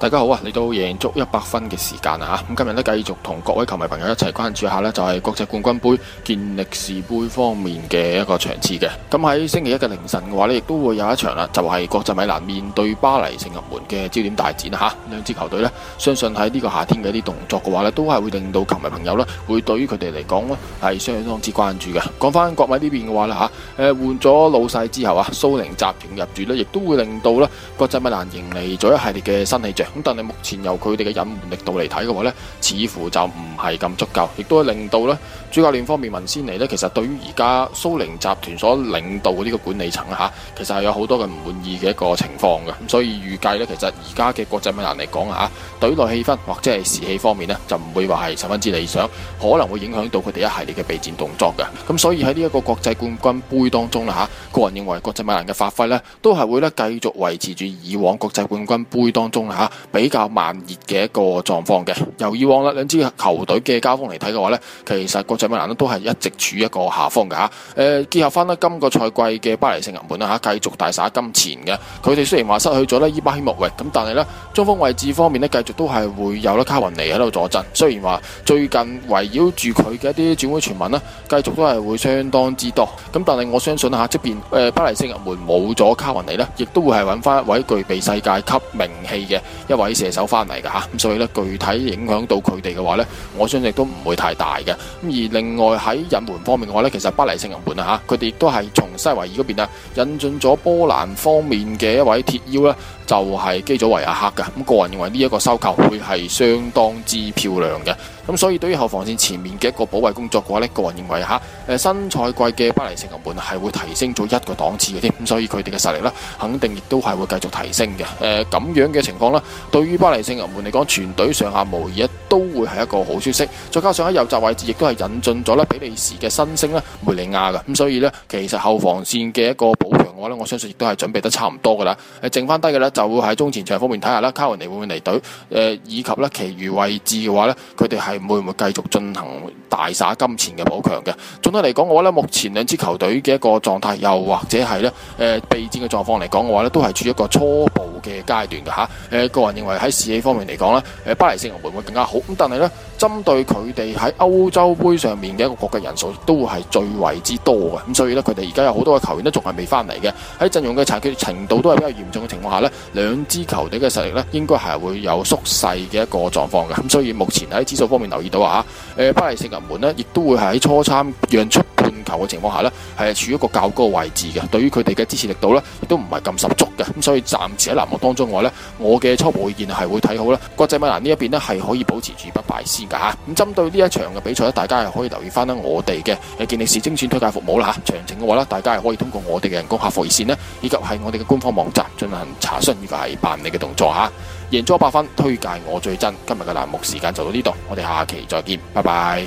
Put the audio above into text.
大家好啊！嚟到贏足一百分嘅時間啦嚇，咁今日咧繼續同各位球迷朋友一齊關注一下呢，就係、是、國際冠軍盃、健力士盃方面嘅一個場次嘅。咁喺星期一嘅凌晨嘅話呢，亦都會有一場啦，就係國際米蘭面對巴黎聖入門嘅焦點大戰嚇。兩支球隊呢，相信喺呢個夏天嘅一啲動作嘅話呢，都係會令到球迷朋友呢，會對於佢哋嚟講呢，係相當之關注嘅。講翻國米呢邊嘅話呢，嚇，誒換咗老細之後啊，蘇寧集團入主呢，亦都會令到呢，國際米蘭迎嚟咗一系列嘅新氣象。咁但係目前由佢哋嘅隱瞞力度嚟睇嘅話呢，似乎就唔係咁足夠，亦都令到呢，主教練方面文先尼呢，其實對於而家蘇寧集團所領導呢個管理層吓，其實係有好多嘅唔滿意嘅一個情況嘅。咁所以預計呢，其實而家嘅國際米蘭嚟講下隊內氣氛或者係士氣方面呢，就唔會話係十分之理想，可能會影響到佢哋一系列嘅備戰動作嘅。咁所以喺呢一個國際冠軍盃當中啦吓，個人認為國際米蘭嘅發揮呢，都係會呢繼續維持住以往國際冠軍盃當中吓。比較慢熱嘅一個狀況嘅，由以往啦兩支球隊嘅交鋒嚟睇嘅話呢，其實國際米蘭咧都係一直處於一個下風嘅嚇。誒、呃、結合翻啦今個賽季嘅巴黎聖日門啦嚇，繼續大灑金錢嘅。佢哋雖然話失去咗呢伊巴希莫域，咁但係呢中鋒位置方面呢，繼續都係會有卡雲尼喺度坐陣。雖然話最近圍繞住佢嘅一啲轉會傳聞呢，繼續都係會相當之多。咁但係我相信啊即便、呃、巴黎聖日門冇咗卡雲尼呢，亦都會係揾翻一位具備世界級名氣嘅。一位射手翻嚟㗎吓，咁所以咧，具體影響到佢哋嘅話咧，我相信亦都唔會太大嘅。咁而另外喺引援方面嘅話咧，其實巴黎聖日耳曼啊佢哋亦都係從西維爾嗰邊啊引進咗波蘭方面嘅一位鐵腰咧，就係、是、基佐維亞克㗎。咁個人認為呢一個收購會係相當之漂亮嘅。咁所以對於後防線前面嘅一個保衛工作嘅話咧，個人認為吓誒新賽季嘅巴黎聖日門係會提升咗一個檔次嘅添，咁所以佢哋嘅實力咧，肯定亦都係會繼續提升嘅。誒、呃，咁樣嘅情況啦，對於巴黎聖日門嚟講，全隊上下無疑啊都會係一個好消息。再加上喺右側位置亦都係引進咗咧比利時嘅新星咧梅利亞嘅，咁所以咧，其實後防線嘅一個補強嘅話咧，我相信亦都係準備得差唔多噶啦。誒剩翻低嘅咧，就會喺中前場方面睇下啦，卡文尼會唔會離隊誒、呃、以及咧，其餘位置嘅話咧，佢哋係。會唔會繼續進行大灑金錢嘅補強嘅？總體嚟講嘅話呢，目前兩支球隊嘅一個狀態，又或者係呢，誒備戰嘅狀況嚟講嘅話呢，都係處於一個初步嘅階段嘅吓。誒，個人認為喺士氣方面嚟講呢，誒，巴黎聖日耳曼會唔會更加好。咁但係呢。針對佢哋喺歐洲杯上面嘅一個國際人數，都會係最為之多嘅。咁所以呢，佢哋而家有好多嘅球員都仲係未翻嚟嘅，喺陣容嘅殘缺程度都係比較嚴重嘅情況下呢，兩支球隊嘅實力呢，應該係會有縮細嘅一個狀況嘅。咁所以目前喺指數方面留意到啊，巴黎聖日門呢亦都會喺初參讓出。嘅情況下咧，係處於一個較高位置嘅，對於佢哋嘅支持力度呢，亦都唔係咁十足嘅，咁所以暫時喺欄目當中嘅話呢，我嘅初步意見係會睇好啦。國際米蘭呢一邊呢，係可以保持住不敗先嘅嚇。咁針對呢一場嘅比賽呢，大家係可以留意翻啦我哋嘅健力士精選推介服務啦嚇。詳情嘅話呢，大家係可以通過我哋嘅人工客服熱線呢，以及喺我哋嘅官方網站進行查詢以及係辦理嘅動作嚇。贏足 100FUN 推介我最真，今日嘅欄目時間就到呢度，我哋下期再見，拜拜。